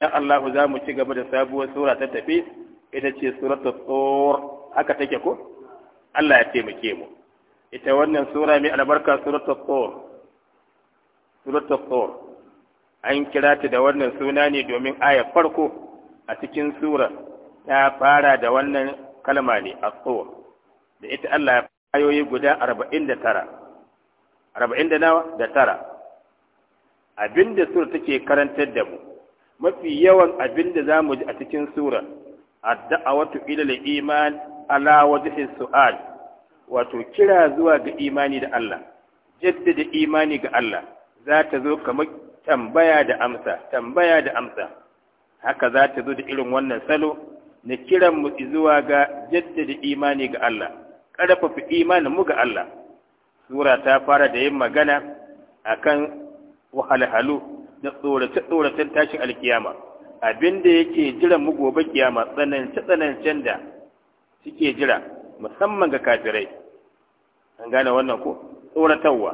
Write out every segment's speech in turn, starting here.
in Allah za mu ci gaba da sabuwar sura ta tafi ita ce suratul tsor haka take ko Allah ya taimake mu ita wannan sura mai albarka suratul tsor suratul tsor an kira ta da wannan suna ne domin aya farko a cikin sura ta fara da wannan kalma ne a tsor da ita Allah ya ayoyi guda arba'in da tara arba'in da nawa da tara abinda sura take karantar da mu mafi yawan abin da zamu ji a cikin sura ad-da'awatu ila al-iman ala wajhi su'al wato kira zuwa ga imani da Allah jaddada imani ga Allah za ta zo kamar tambaya da amsa tambaya da amsa haka za ta zo da irin wannan salo na kiran mu zuwa ga jaddada imani ga Allah ƙarfafa imanin mu ga Allah sura ta fara da yin magana akan wahalhalu da tsorace-tsoracen tashin alkiyama abinda yake jiran mu gobe kiyama tsanance-tsanancen da suke jira musamman ga kafirai an gane wannan ko tsoratarwa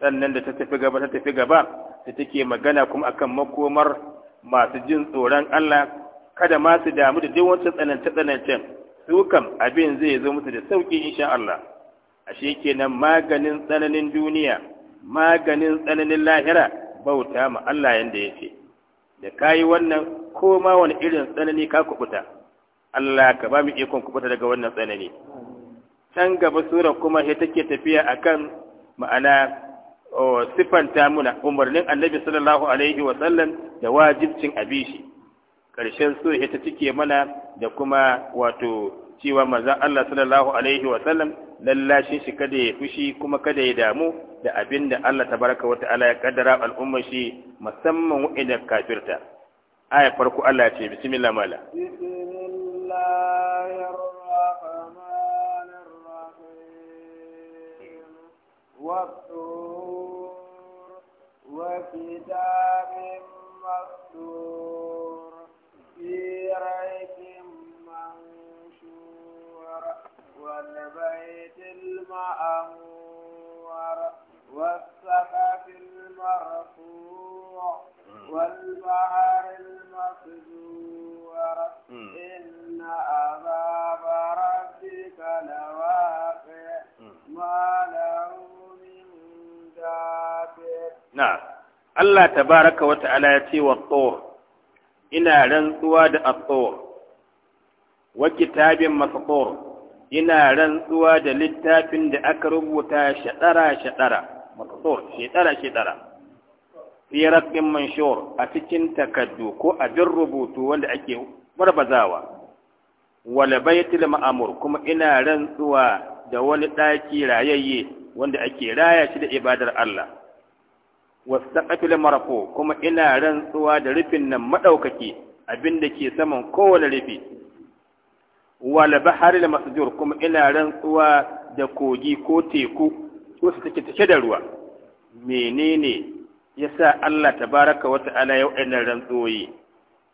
sannan da ta tafi gaba ta tafi gaba ta take magana kuma akan makomar masu jin tsoron Allah kada ma su damu da duk wancan tsanance-tsanancen su kam abin zai zo musu da sauki insha Allah ashe kenan maganin tsananin duniya maganin tsananin lahira bauta ma Allah yanda ya ce da ka yi wannan ko ma wani irin tsanani ka kubuta Allah ka ba mu ikon kubuta daga wannan tsanani can gaba sura kuma ya take tafiya akan ma'ana sifanta muna umarnin annabi sallallahu alaihi wa sallam da wajibcin abishi karshen sura ta cike mana da kuma wato cewa maza Allah sallallahu alaihi lallashin shi kada ya fushi kuma kada ya damu da abin da Allah tabaraka wa ta'ala ya kaddara al'ummar shi musamman wa'inda kafirta aya farko Allah ce bismillah mala والطور وكتاب مسطور والبيت المأمور والسقف المرفوع والبحر المسجور إن أباب ربك لواقع ما له من دافع نعم الله تبارك وتعالى يتي والطور إنا رنسوا الطور وكتاب مسطور ina rantsuwa da littafin da aka rubuta shaɗara-shaɗara matsor shaɗara-shaɗara fi rafin manshor a cikin takaddu ko abin rubutu wanda ake barbazawa wala baitul ma'amur kuma ina rantsuwa da wani ɗaki rayayye wanda ake raya shi da ibadar Allah wasaqatul marfu kuma ina rantsuwa da rufin nan maɗaukaki, abin da ke saman kowane rufi wal bahari al masjur kuma ina rantsuwa da kogi ko teku su take take da ruwa menene yasa Allah tabaraka wa ta'ala ya wa'annan rantsoyi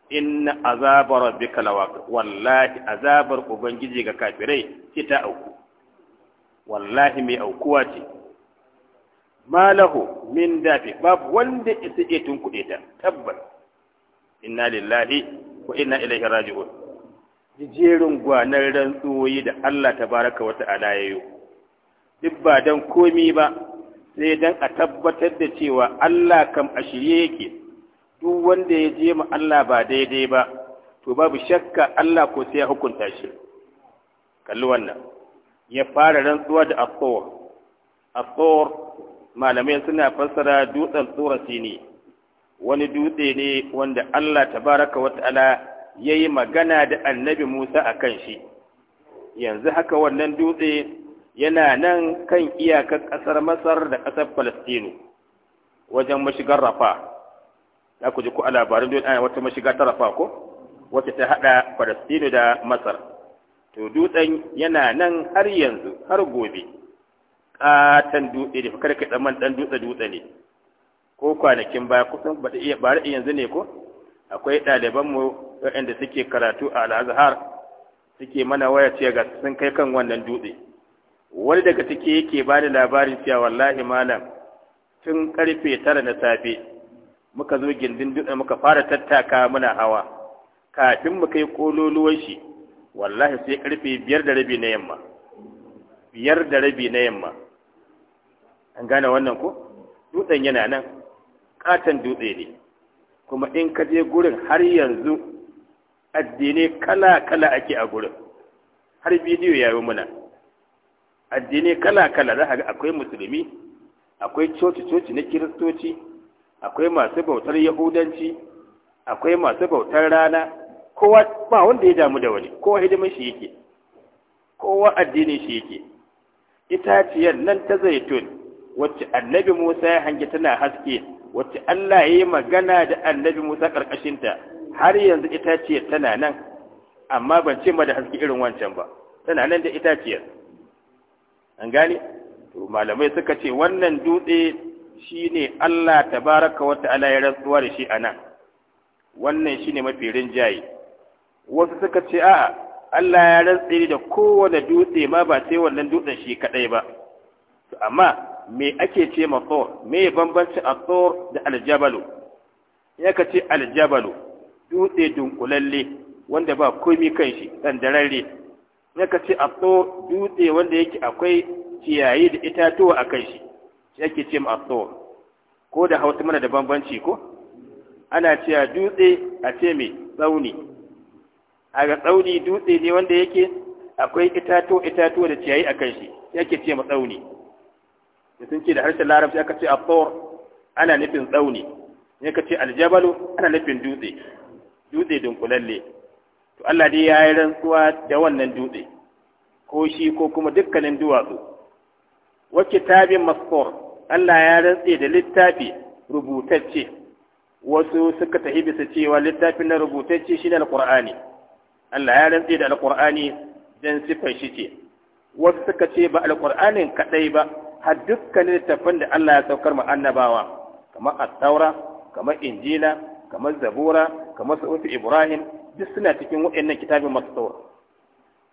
inna azabar rabbika lawaq wallahi azabar ubangiji ga kafirai ce ta auku wallahi mai aukuwa ce malahu min dafi babu wanda isa iya tunkuɗe ta tabbas inna lillahi wa inna ilaihi raji'un jerin gwanar rantsuwoyi da Allah tabaraka baraka wata alayayo, duk ba don komi ba sai don a tabbatar da cewa Allah kam a shirye yake duk wanda ya je ma Allah ba daidai ba to babu shakka Allah ko sai ya hukunta shi kalli wannan ya fara rantsuwa da at afor malamai suna fassara dutsen tsura sini wani dutse ne wanda Allah Ta tabaraka wata ala ya yi magana da annabi Musa a kan shi, yanzu haka wannan dutse yana nan kan iyakar ƙasar Masar da ƙasar Falastinu wajen mashigar Rafa, za ku ji ku a labarin dutse ana wata mashiga ta Rafa ko? Wacce ta haɗa Falastinu da Masar. To dutsen yana nan har yanzu, har gobe, ƙatan dutse da fakar ka tsamman ɗan dutse dutse ne, ko kwanakin baya kusan ba da iya yanzu ne ko? akwai ɗalibanmu waɗanda suke karatu a al'azhar suke mana waya ce ga sun kai kan wannan dutse wani daga take yake ba da labarin cewa wallahi malam tun karfe tara na safe muka zo gindin dutse muka fara tattaka muna hawa kafin mu kai kololuwan shi wallahi sai karfe biyar da rabi na yamma biyar da rabi na yamma an gane wannan ko dutsen yana nan katon dutse ne kuma in ka je gurin har yanzu addinai kala-kala ake a gurin har bidiyo ya yi muna addinai kala-kala za ga akwai musulmi akwai coci-coci na kiristoci akwai masu bautar yahudanci akwai masu bautar rana kowa ba wanda ya damu da wani kowa hidimin shi yake kowa addinin shi yake itaciyar nan ta zaitun wacce annabi musa ya hangi tana haske wacce Allah ya yi magana da annabi Musa ƙarƙashinta har yanzu itaciyar tana nan amma ban ce ma da haske irin wancan ba tana nan da itaciyar an gane to malamai suka ce wannan dutse shine Allah tabaraka wa ta'ala ya rantsuwa da shi anan wannan shine mafi rinjaye wasu suka ce a'a Allah ya rantsi da kowane dutse ma ba sai wannan dutsen shi kadai ba to amma me ake ce ma tsor me ya bambanci a tsor da aljabalu ya ka ce aljabalu dutse dunkulalle wanda ba komi kan shi dandararre ya ka ce a tsor dutse wanda yake akwai ciyayi da itatuwa a kan shi Ya ke ce ma tsor ko da hausa mana da bambanci ko ana cewa dutse a ce mai tsauni a ga tsauni dutse ne wanda yake akwai itatuwa itatuwa da ciyayi a kan shi Ya ke ce ma tsauni in sun ce da harshen larabci aka ce afor ana nufin tsauni ne ka ce aljabalu ana nufin dutse dutse dunkulalle to Allah dai ya yi rantsuwa da wannan dutse ko shi ko kuma dukkanin duwatsu wa kitabin masfur Allah ya rantse da littafi rubutacce wasu suka tafi bisa cewa littafin na rubutacce shine alqur'ani Allah ya rantse da alqur'ani dan sifar shi ce wasu suka ce ba alqur'anin kadai ba har dukkanin littattafan da Allah ya saukar ma annabawa kamar at kamar injila kamar zabura kamar sautu ibrahim duk suna cikin waɗannan kitabin masdur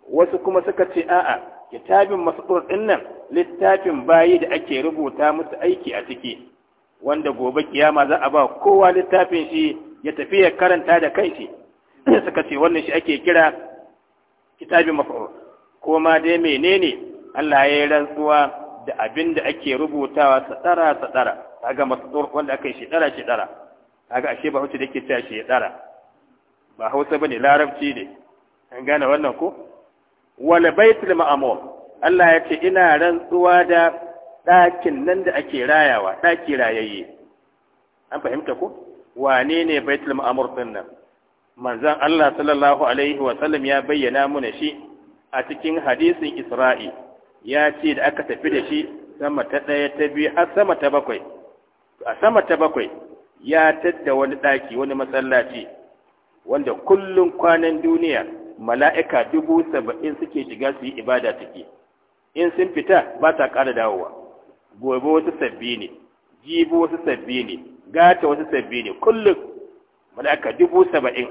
wasu kuma suka ce a'a kitabin masdur din nan littafin bayi da ake rubuta musu aiki a ciki wanda gobe kiyama za a ba kowa littafin shi ya tafi ya karanta da kai shi suka ce wannan shi ake kira kitabin masdur ko ma dai menene Allah ya yi rantsuwa da abin da ake rubutawa sadara sadara kaga masdur wanda aka yi shi dara shi dara kaga ashe ba hausa da yake cewa shi ba hausa bane larabci ne an gane wannan ko wal baitul ma'mur Allah ya ce ina rantsuwa da ɗakin nan da ake rayawa ɗaki rayayye an fahimta ko wane ne baitul ma'mur din nan manzon Allah sallallahu alaihi wa sallam ya bayyana muna shi a cikin hadisin Isra'i ya ce da aka tafi da shi sama ta ɗaya ta biyu har sama ta bakwai a sama ta bakwai ya tadda wani ɗaki wani matsalaci. wanda kullum kwanan duniya mala'ika dubu saba'in suke shiga su yi ibada take in sun fita ba ta ƙara dawowa gobe wasu sabbi ne jibo wasu sabbi ne gata wasu sabbi ne kullum mala'ika dubu saba'in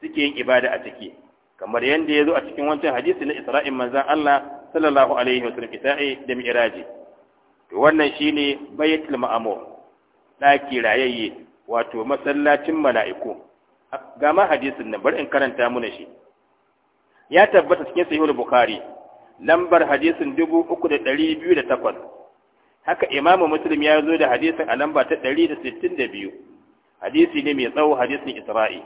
suke yin ibada a ciki kamar yadda ya zo a cikin wancan hadisi na isra'in manzan Allah sallallahu alaihi wa sallam isa'i da mi'raji to wannan shine baitul ma'mur daki rayayye wato masallacin mala'iku ga ma hadisin nan bar in karanta muna shi ya tabbata cikin sahihul bukhari lambar hadisin 3208 haka imamu muslim ya zo da hadisin a lamba ta 162 hadisi ne mai tsawo hadisin isra'i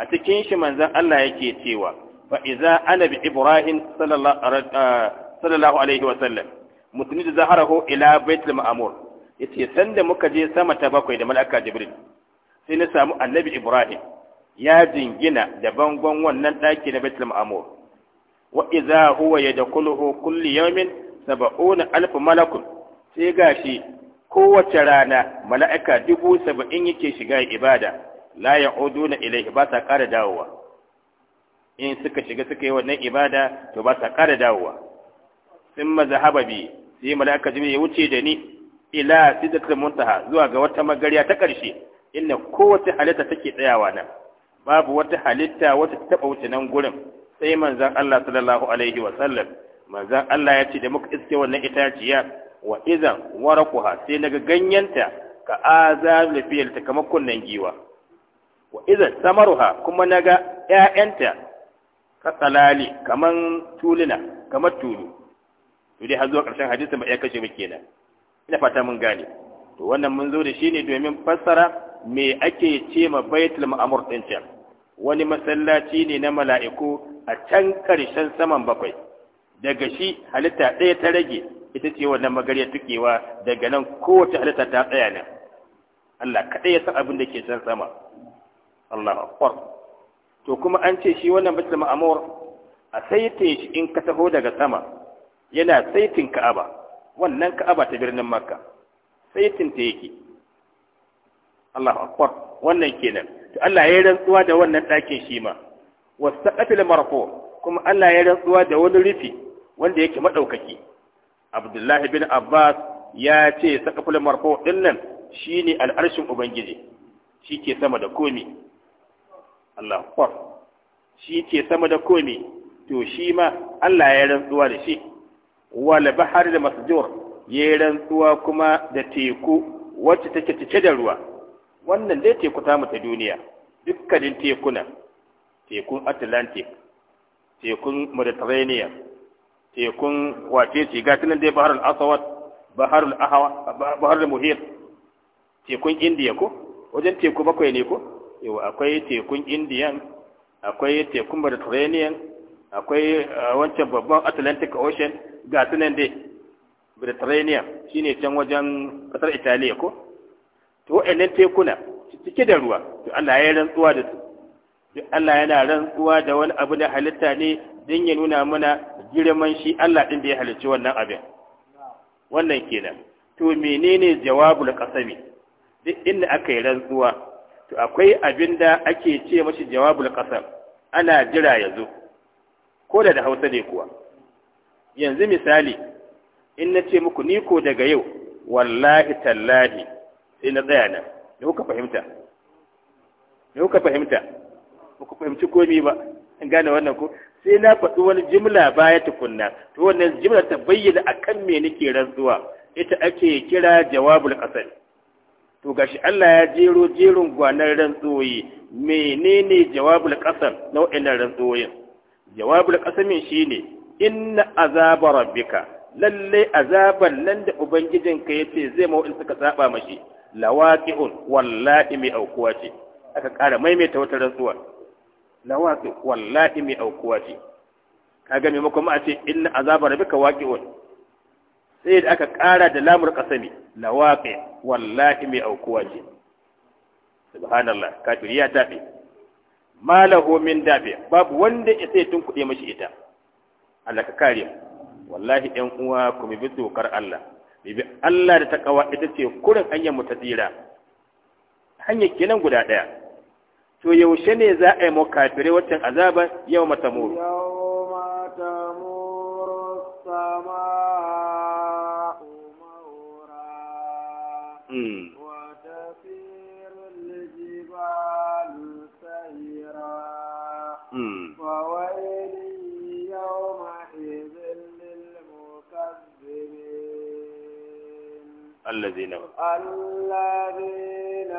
a cikin shi manzon Allah yake cewa fa iza ana bi ibrahim sallallahu ah, sallallahu alaihi sallam! musulmi da zaharahu ila baitul ma'mur yace sanda muka je sama ta bakwai da mala'ika jibril sai na samu annabi ibrahim ya jingina da bangon wannan daki na baitul ma'mur wa idza huwa yadkhuluhu kulli yawmin sab'una alf malakun sai gashi kowace rana mala'ika dubu saba'in yake shiga ibada la ya'uduna ilayhi ba sa ƙara dawowa in suka shiga suka yi wannan ibada to ba sa ƙara dawowa sun mazahaba bi sai malaka jimi ya wuce da ni ila sidatul muntaha zuwa ga wata magariya ta ƙarshe inda kowace halitta take tsayawa nan babu wata halitta wata ta taɓa wuce nan gurin sai manzon Allah sallallahu alaihi wa sallam manzon Allah ya ce da muka iske wannan itaciya wa idan waraquha sai naga ganyenta ka azal lafiyar ta kamar kunnan giwa wa idan samaruha kuma naga ƴaƴanta ka tsalali kaman tulina kamar tulu to dai har zuwa ƙarshen hadisin ba ya kashe ba kenan ina fata mun gane to wannan mun zo da shi ne domin fassara me ake ce ma baitul ma'mur din can wani masallaci ne na mala'iku a can ƙarshen saman bakwai daga shi halitta ɗaya ta rage ita ce wannan magariya tukewa daga nan kowace halitta ta tsaya nan Allah kaɗai ya san abin da ke can sama Allahu akbar to kuma an ce shi wannan baitul ma'mur a sai ta shi in ka taho daga sama yana saitin ka'aba wannan ka'aba ta birnin makka saitin ta yake Allahu akbar wannan kenan to Allah ya rantsuwa da wannan ɗakin shi ma wasaqatil marfu kuma Allah ya rantsuwa da wani rufi wanda yake madaukaki Abdullahi bin Abbas ya ce saqatil marfu din nan shine al'arshin ubangiji shike sama da komi Allahu akbar shike sama da komi to shi ma Allah ya rantsuwa da shi wal bahar da masjur ya kuma da teku wacce take cike da ruwa wannan dai teku ta mata duniya dukkanin tekuna tekun atlantic tekun mediterranean tekun wace ce ga tunan dai baharul aswad baharul ahwa baharul muhit tekun indiya ko wajen teku bakwai ne ko yau akwai tekun indiyan akwai tekun mediterranean akwai uh, wancan babban atlantic ocean ga nan dai shi shine can wajen ƙasar Italiya ko to wa'annan tekuna cike da ruwa to Allah ya rantsuwa da su to Allah yana rantsuwa da wani abu na halitta ne don ya nuna mana girman shi Allah din da ya halicci wannan abin wannan kenan to menene jawabul ƙasami? duk inda aka yi rantsuwa to akwai abin da ake ce mashi jawabul ƙasar? ana jira ya zo ko da da Hausa ne kuwa yanzu misali in na ce muku ni ko daga yau wallahi tallahi sai na tsaya nan ne kuka fahimta ne kuka fahimta ba ku fahimci komi ba an gane wannan ko sai na faɗi wani jimla baya tukunna to wannan jimla ta bayyana akan me nake rantsuwa ita ake kira jawabul qasam to gashi Allah ya jero jerin gwanar rantsoyi menene jawabul na nau'in rantsoyin jawabul qasamin shine inna azaba rabbika lalle azaban nan da ka yace zai mawa in suka saba mashi lawaqi'un wallahi mai aukuwa ce aka ƙara maimaita wata rantsuwa lawaqi wallahi mai aukuwa ce kaga maimakon ma a ce inna azaba rabbika waqi'un sai da aka ƙara da lamur kasami lawaqi wallahi mai aukuwa ce subhanallah kafiri ya tafi malahu min dabi babu wanda ya sai tun kuɗe mashi ita Allah ka kare wallahi ɗan uwa ku bi dokar Allah bi Allah da ta kawa ita ce kurin hanyar mu ta tsira hanyar kenan guda ɗaya to yaushe ne za a yi mu kafire waccan azaba yau mata muru Mm. الذين هم الذين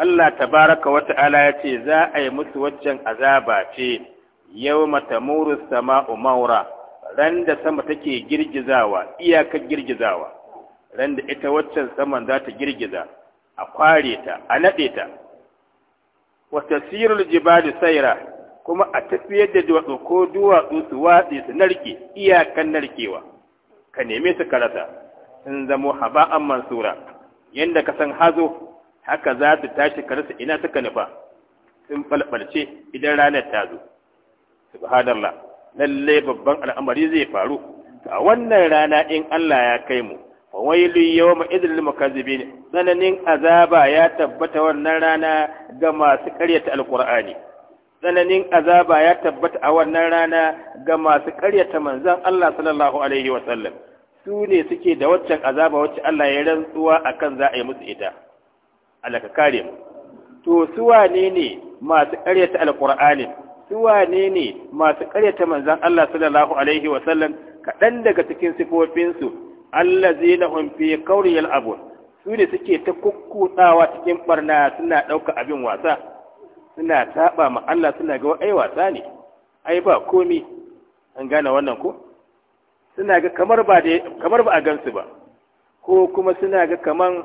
Allah tabaraka wa ta'ala ya ce za a yi musu waccan azaba ce yau matamuru sama'u maura ran da sama take girgizawa iyakar girgizawa ran da ita waccan saman za ta girgiza a kware ta a naɗe ta wata sirul da saira kuma a tafiyar da duwatsu ko duwatsu su watsi su narke iyakan narkewa ka neme su karasa sun zamo haba'an mansura yadda ka san hazo haka za su tashi karasa ina suka nufa sun falfalce idan ranar ta zo subhanallah lalle babban al'amari zai faru a wannan rana in Allah ya kai mu wailu yawma idil mukazzibin tsananin azaba ya tabbata wannan rana ga masu karyata alqur'ani tsananin azaba ya tabbata a wannan rana ga masu karyata manzan Allah sallallahu alaihi wasallam su ne suke da waccan azaba wacce Allah ya rantsuwa akan za a yi musu ita Allah ka kare mu to su wane ne masu karyata alqur'ani su wane ne masu karyata manzan Allah sallallahu alaihi wasallam kaɗan daga cikin sifofinsu allazina hum fi qawlil abu su ne suke ta kukkutawa cikin barna suna ɗauka abin wasa suna saba ma Allah suna ga ai wasa ne ai ba komi an gane wannan ko suna ga kamar ba da kamar ba a gansu ba ko kuma suna ga kaman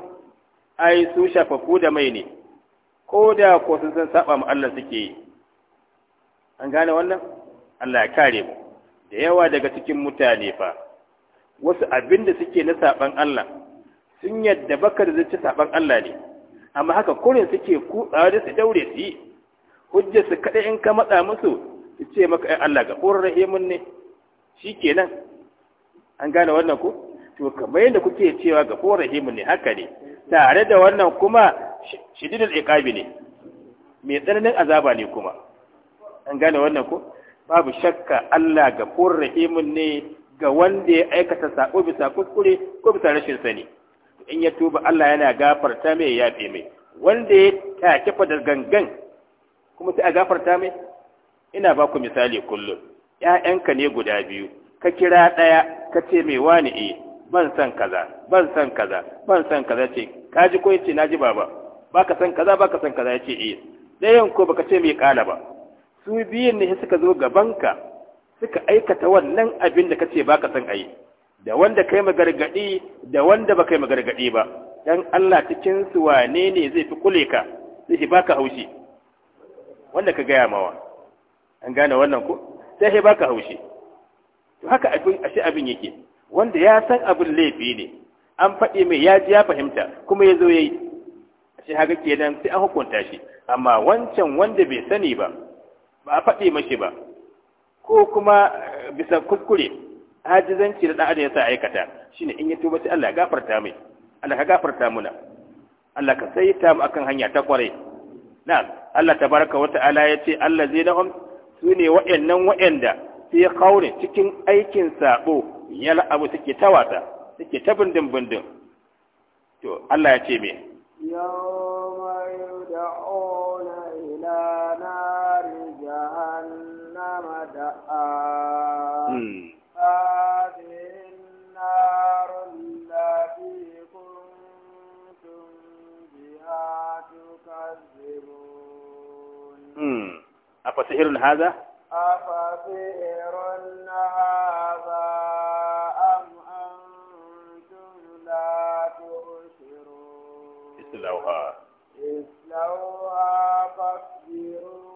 ai su ko da mai ne ko da ko sun san saba ma Allah suke yi an gane wannan Allah ya kare mu da yawa daga cikin mutane fa wasu abin da suke na saban Allah sun yadda baka da zai ci saban Allah ne amma haka kurin suke kutsawa da su daure su yi hujjar su kaɗai in ka matsa musu su ce maka ai Allah ƙorar rahimun ne kenan? an gane wannan ku? to kamar yadda kuke cewa ga ƙorar rahimun ne haka ne tare da wannan kuma shididul iqabi ne mai tsananin azaba ne kuma an gane wannan ku? babu shakka Allah ga ƙorar rahimun ne ga wanda ya aikata sako bisa kuskure ko bisa rashin sani in ya tuba Allah yana gafarta mai yafe mai wanda ya take da gangan kuma sai a gafarta mai ina ba ku misali kullum ‘ya'yanka ne guda biyu ka kira ɗaya ka ce mai wani e eh, ban san kaza ban san kaza ban san kaza ce ka ji ko ce na ji baba ba ka san kaza ba ka san kaza ya ce e ɗayan ko ba ka ce mai kala ba su biyun ne suka zo gabanka suka aikata wannan abin da ka ce ba ka san ayi da wanda kai magargaɗi da wanda ba kai magargaɗi ba dan Allah cikin su wane ne zai fi kule ka zai baka haushi wanda ka gaya mawa an gane wannan ko sai sai baka haushi to haka ashe abin yake wanda ya san abin laifi ne an faɗi mai ya ji ya fahimta kuma ya zo ya yi ashe haka kenan sai an hukunta shi amma wancan wanda bai sani ba ba a faɗi mashi ba ko kuma eh, bisa kuskure hajizanci da ɗan ya aikata shine in ya tuba sai Allah ya gafarta mai Allah ka gafarta muna Allah ka sai ta mu akan hanya ta kwarai na Allah tabaraka wa ta'ala yace allazina hum sune wa'annan wa'anda fi qawli cikin aikin sabo yal'abu suke tawata suke ta bindin bindin to Allah ya ce me أفسحر هذا أفسحر هذا أم أنتم لا تبصرون إسلوها إسلوها فاصبروا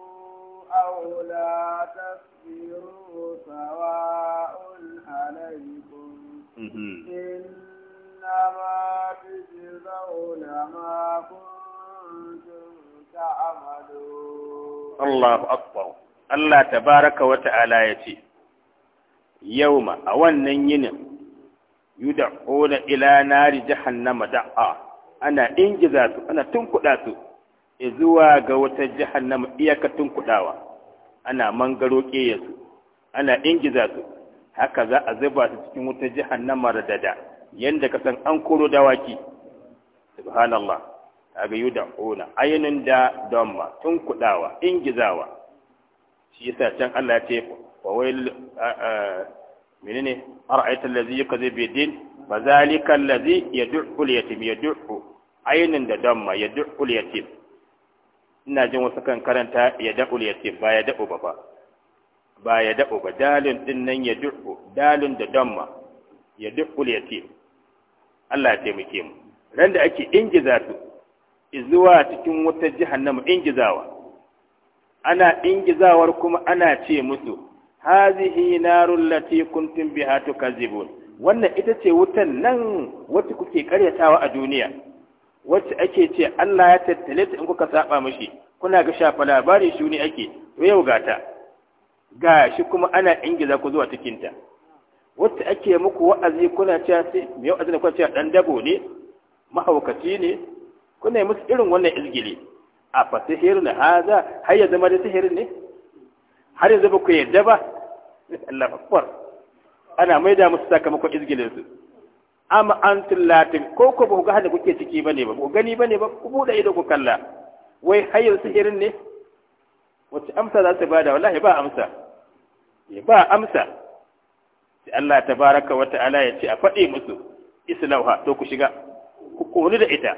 أو لا تصبروا سواء عليكم إنما تجزون ما كنتم تعملون Allahu akbar Allah tabaraka wa ta'ala ya ce yauma a wannan yinin yud'una ila nari jahannama da'a ana ingiza su ana tunkuda su zuwa ga wata jahannama iyaka tunkudawa ana mangaro su ana ingiza su haka za a zuba su cikin wata jahannama radada yanda ka san an koro dawaki subhanallah kaga yud'una ainun da damma tun kudawa ingizawa shi yasa can Allah ya ce wa wail menene ara'aita allazi yukazi bi din fa zalika allazi yad'u al-yatim yad'u ainun da damma yad'u al-yatim ina jin wasu kan karanta yad'u al-yatim ba yad'u ba ba ba yad'u ba dalin din nan yad'u dalin da damma yad'u al-yatim Allah ya taimake mu ran da ake ingiza su zuwa cikin wata jahannama ingizawa ana ingizawar kuma ana ce musu hazihi narul lati kuntum biha tukazibun wannan ita ce wutan nan wacce kuke karyatawa a duniya wacce ake ce Allah ya tattale ta in kuka saba mishi kuna ga shafa labari shuni ake to yau gata ga shi kuma ana ingiza ku zuwa cikin ta wacce ake muku wa'azi kuna cewa sai me wa'azi kuna cewa dan dabo ne mahaukaci ne kuna yi musu irin wannan izgili a fa sihirin haza har ya zama da sihirin ne har yanzu ba ku yarda ba Allah Ana ana maida musu sakamakon izgilin su an antum latin ko ko ba ku ga hada kuke ciki ba ne ba ku gani ne ba ku buɗe ido ku kalla wai hayar sihirin ne Wacce amsa za su bada wallahi ba amsa eh, ba amsa sai Allah ta baraka wa ta'ala ya ce a faɗi musu islauha to ku shiga ku koni da ita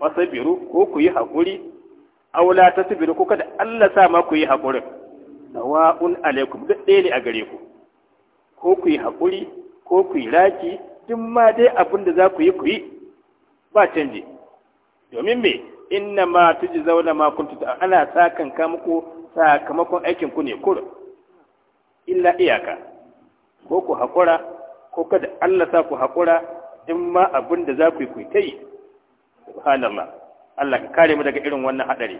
wasabiru ko ku yi haƙuri aula ta sabiru ko kada Allah sa ma ku yi haƙurin sawa'un alaikum duk ɗaya ne a gare ku ko ku yi haƙuri ko ku yi raki duk ma dai abin da za ku yi ku yi ba canji domin me inna ma tuji zauna ma kuntu ana sa kan muku sakamakon aikin ku ne kurin illa iyaka ko ku haƙura ko kada Allah sa ku haƙura duk ma abin da za ku yi ku ta yi subhanallah Allah ka kare mu daga irin wannan hadari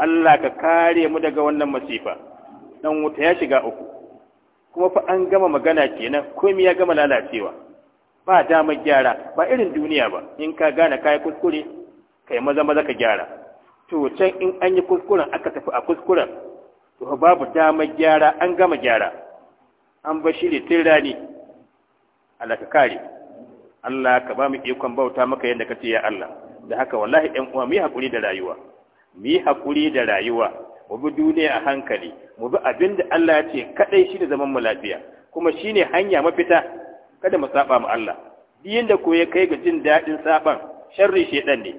Allah ka kare mu daga wannan masifa dan wuta ya shiga uku kuma fa an gama magana kenan komai ya gama lalacewa ba damar gyara ba irin duniya ba in ka gane kai kuskure kai maza maza ka gyara to can in an yi kuskuren aka tafi a kuskuren to babu damar gyara an gama gyara an bar shi ne tun rani Allah ka kare Allah ka ba mu ikon bauta maka yadda ka ce ya Allah da haka wallahi ɗan uwa mu yi hakuri da rayuwa mu yi hakuri da rayuwa mu bi duniya a hankali mu bi abin da Allah ya ce kadai shi da zaman mu lafiya kuma shine hanya mafita kada mu saba mu Allah duk yanda ko ya kai ga jin daɗin saban sharri shedan ne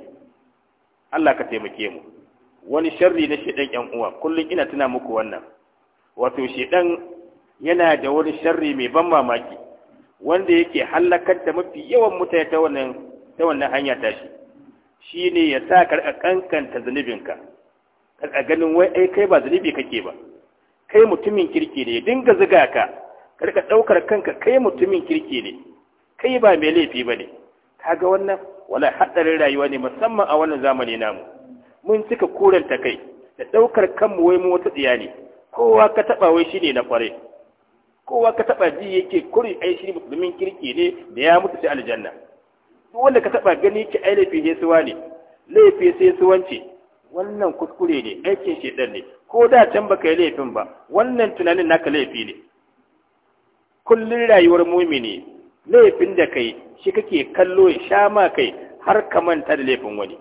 Allah ka taimake mu wani sharri na shedan yan uwa kullum ina tuna muku wannan wato shedan yana da wani sharri mai ban mamaki wanda yake hallakar da mafi yawan mutane ta wannan ta wannan hanya ta shi shine ya sa ka rika kankanta zunubinka ka rika ganin wai ai kai ba zunubi kake ba kai mutumin kirki ne dinga zuga ka ka rika daukar kanka kai mutumin kirki ne kai ba mai laifi ba ne kaga wannan wala hadarin rayuwa ne musamman a wannan zamani namu mun cika kuranta kai da daukar kanmu wai mu wata tsiya kowa ka taba wai shine na kware kowa ka taba ji yake kuri ai shi musulmin kirki ne da ya mutu sai aljanna duk wanda ka taba gani ki ai laifi sai suwa ne laifi sai suwanci wannan kuskure ne aikin shedan ne ko da can baka yi laifin ba wannan tunanin naka laifi ne kullun rayuwar mumini laifin da kai shi kake kallo ya sha ma kai har ka manta da laifin wani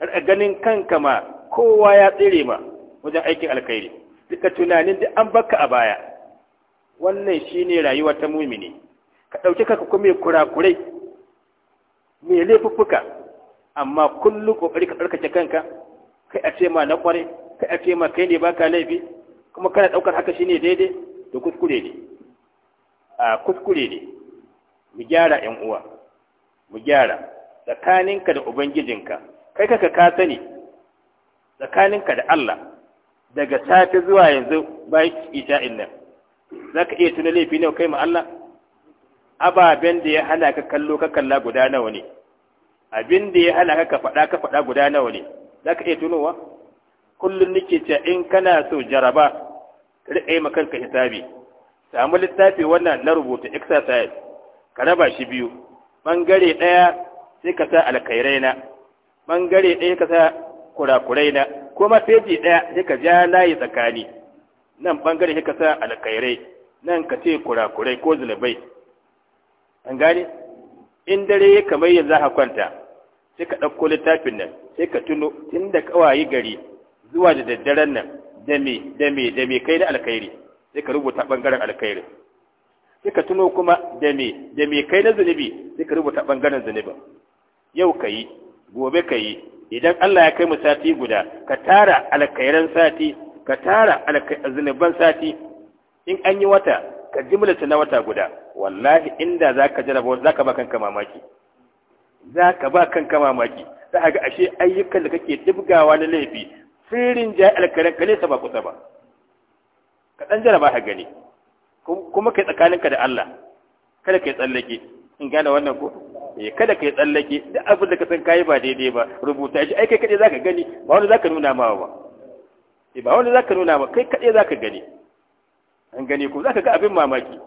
har ganin kanka ma kowa ya tsire ma wajen aikin alkhairi duka tunanin da an baka a baya wannan shine rayuwa ta mumini ka ɗauki kanka kuma mai kurakurai mai laifuffuka amma kullum ƙoƙari ka ɗarkace kanka kai a ce ma na ƙware kai a ce ma kai ne baka laifi kuma kana ɗaukar haka shine daidai da kuskure ne a kuskure ne mu gyara 'yan uwa mu gyara tsakaninka da ubangijinka kai kaka ka sani tsakaninka da Allah daga safe zuwa yanzu bayan isha'in nan za ka iya tuna laifi nawa kai ma Allah ababen da ya hana ka kallo ka kalla guda nawa ne abin da ya hana ka faɗa ka faɗa guda nawa ne za ka iya tunowa kullum nake cewa in kana so jaraba ka riƙa yi kanka hisabi samu littafi wannan na rubuta exercise ka raba shi biyu ɓangare ɗaya sai ka sa alkhairai na ɓangare ɗaya ka sa kurakurai na kuma feji ɗaya sai ka ja layi tsakani nan bangare shi ka sa alkhairai nan ka ce kurakurai ko zulubai an gane in dare ya kamar yanzu ka kwanta sai ka ɗauko littafin nan sai ka tuno tun da ƙawaye gari zuwa da daddaren nan da me da me da me kai na alkhairi sai ka rubuta bangaren alkhairi sai ka tuno kuma da me da me kai na zunubi sai ka rubuta bangaren zunubin yau ka yi gobe ka yi idan Allah ya kai mu sati guda ka tara alkhairan sati ka tara zunuban sati in an yi wata ka jimlata na wata guda wallahi inda za ka jaraba za ka ba kanka mamaki za ka ba kanka mamaki za ka ga ashe ayyukan da kake dubgawa na laifi firin ja alkarin ka nesa ba kusa ba ka dan jaraba ka gani kuma kai tsakaninka da Allah kada kai tsallake in gane wannan ko eh kada kai tsallake duk abin da ka san kai ba daidai ba rubuta shi ai kai kade zaka gani ba wani zaka nuna ma ba Eh, ba wanda zaka nuna ba kai kaɗai zaka gani an gani ko zaka ga abin mamaki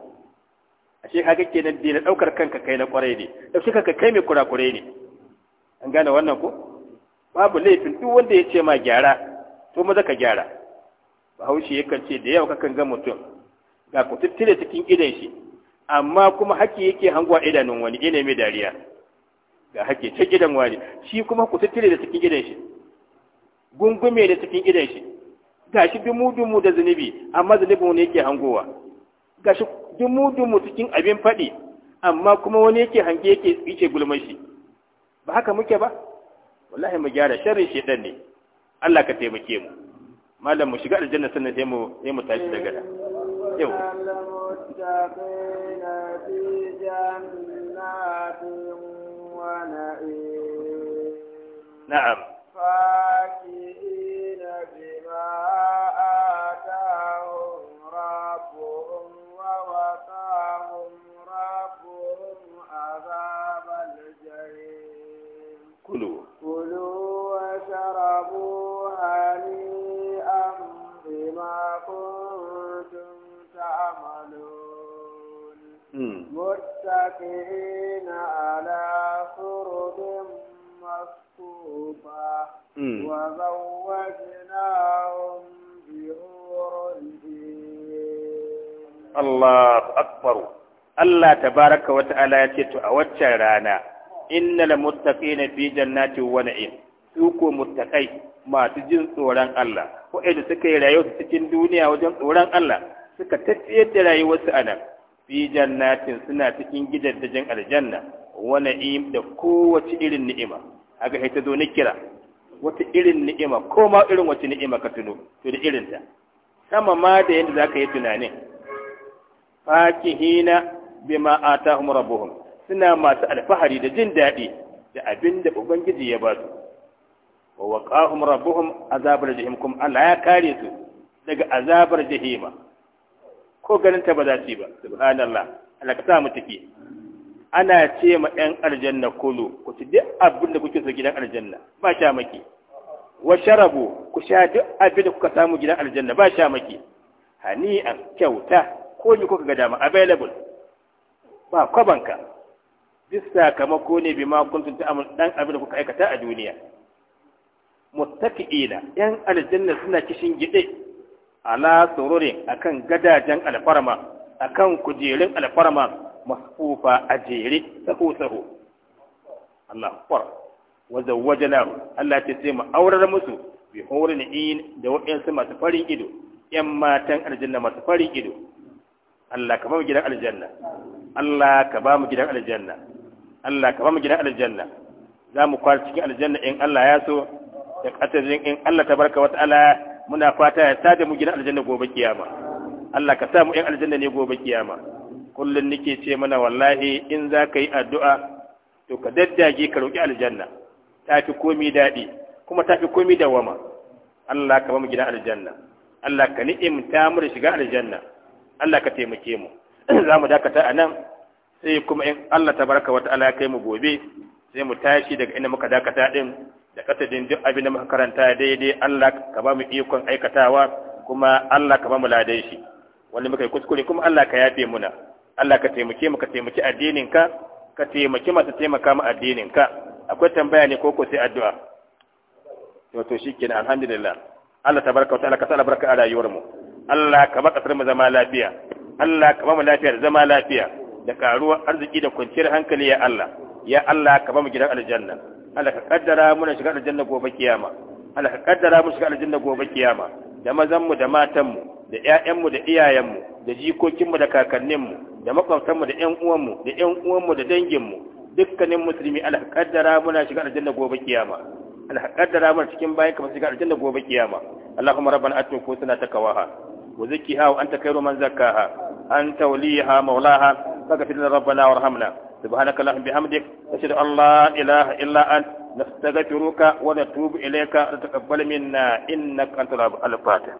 ashe kaga kenan dai na daukar kanka kai na kwarai ne da dauke kanka kai mai kurakurai ne an gane wannan ko babu laifin duk wanda ya ce ma gyara to maza ka gyara bahaushe yakan ce da yawa kakan ga mutum ga ku tattire cikin idan shi amma kuma haƙƙi yake hangwa idanun wani ina mai dariya ga haƙƙi ce gidan wani shi kuma ku tattire da cikin idan shi gungume da cikin idan shi gashi dumu-dumu da zunubi amma zunubin wani yake hangowa gashi dumu-dumu cikin abin faɗi amma kuma wani yake hange yake yake gulmar shi ba haka muke ba wallahi mu gyara sharri shedan ne Allah ka taimake mu malam mu shiga aljanna sannan sai mu sai mu tashi daga da yau na'am كلوا كلوا واشربوا هنيئا بما كنتم تعملون متكئين على فرد مصفوفة وزوجناهم بحور الله أكبر Allah tabaraka wa ta'ala ya ce to a waccan rana innal muttaqina fi jannati wa na'im su ko muttaqai masu jin tsoron Allah ko da suka yi rayuwa cikin duniya wajen tsoron Allah suka tafiyar da rayuwar a nan fi jannatin suna cikin gidajen aljanna wa na'im da kowace irin ni'ima aga ita zo ni kira wata irin ni'ima ko ma irin wace ni'ima ka tuno to da irin ta sama ma da yadda zaka yi tunanin fakihina bima atahum rabbuhum suna masu alfahari da jin daɗi da abin da ubangiji ya ba su wa waqahum rabbuhum azabar jahim kuma Allah ya kare su daga azabar jahima ko ganin ta ba za su yi ba subhanallah Allah ka sa mu tafi ana ce ma ɗan aljanna kulu ku ci duk abin da kuke so gidan aljanna ba sha maki wa sharabu ku sha duk abin da kuka samu gidan aljanna ba sha maki hani'an kyauta ko ni kuka ga dama available ba kwabanka duk sakamako ne bi ma ta ta'amal dan abin da kuka aikata a duniya muttaqiina yan aljanna suna kishin gide ala sururi akan gadajen alfarma akan kujerun alfarma masufa a jere sahu sahu Allah akbar wa zawwajna Allah ta sai mu aurar musu bi hurin in da waɗansu masu farin ido yan matan aljanna masu farin ido Allah ka ba mu gidan aljanna Allah ka ba mu gidan aljanna Allah ka ba mu gidan aljanna za mu kwar cikin aljanna in Allah ya so da katarin in Allah tabaraka wa ta'ala muna fata ya sada mu gidan aljanna gobe kiyama Allah ka sa mu in aljanna ne gobe kiyama kullun nake ce mana wallahi in za ka yi addu'a to ka daddage ka roki aljanna ta fi komi daɗi kuma ta fi komi dawama Allah ka ba mu gidan aljanna Allah ka ni'imta mu da shiga aljanna Allah ka taimake mu za mu dakata a nan sai kuma in Allah ta baraka wata ala kai mu gobe sai mu tashi daga inda muka dakata din da kasadin duk abin da muka karanta daidai Allah ka ba mu ikon aikatawa kuma Allah ka ba mu ladan shi wanda muka yi kuskure kuma Allah ka yafe muna Allah ka taimake mu ka taimaki addinin ka ka taimaki masu taimaka mu addinin ka akwai tambaya ne koko sai addu'a to shikenan alhamdulillah Allah tabaraka wa ta'ala ka sa albarka a rayuwar mu Allah ka ba kasar mu zama lafiya Allah ka ba mu lafiya da zama lafiya da karuwar arziki da kwanciyar hankali ya Allah ya Allah ka ba mu gidan aljanna Allah ka kaddara mu shiga aljanna gobe kiyama Allah ka kaddara mu shiga aljanna gobe kiyama da mazan mu da matan mu da ƴaƴan mu da iyayen mu da jikokin mu da kakannin mu da makwabtan mu da ƴan uwan mu da ƴan uwan mu da dangin mu dukkanin musulmi Allah ka kaddara mu shiga aljanna gobe kiyama Allah ka kaddara mu cikin bayan ka mu shiga aljanna gobe kiyama اللهم ربنا آتنا نفوسنا تقواها وزكها وأنت خير man زكاها أن توليها مولاها فاغفر لنا ربنا وارحمنا سبحانك اللهم بحمدك أشهد أن لا إله إلا أنت نستغفرك ونتوب إليك لتقبل منا إنك أنت الفاتح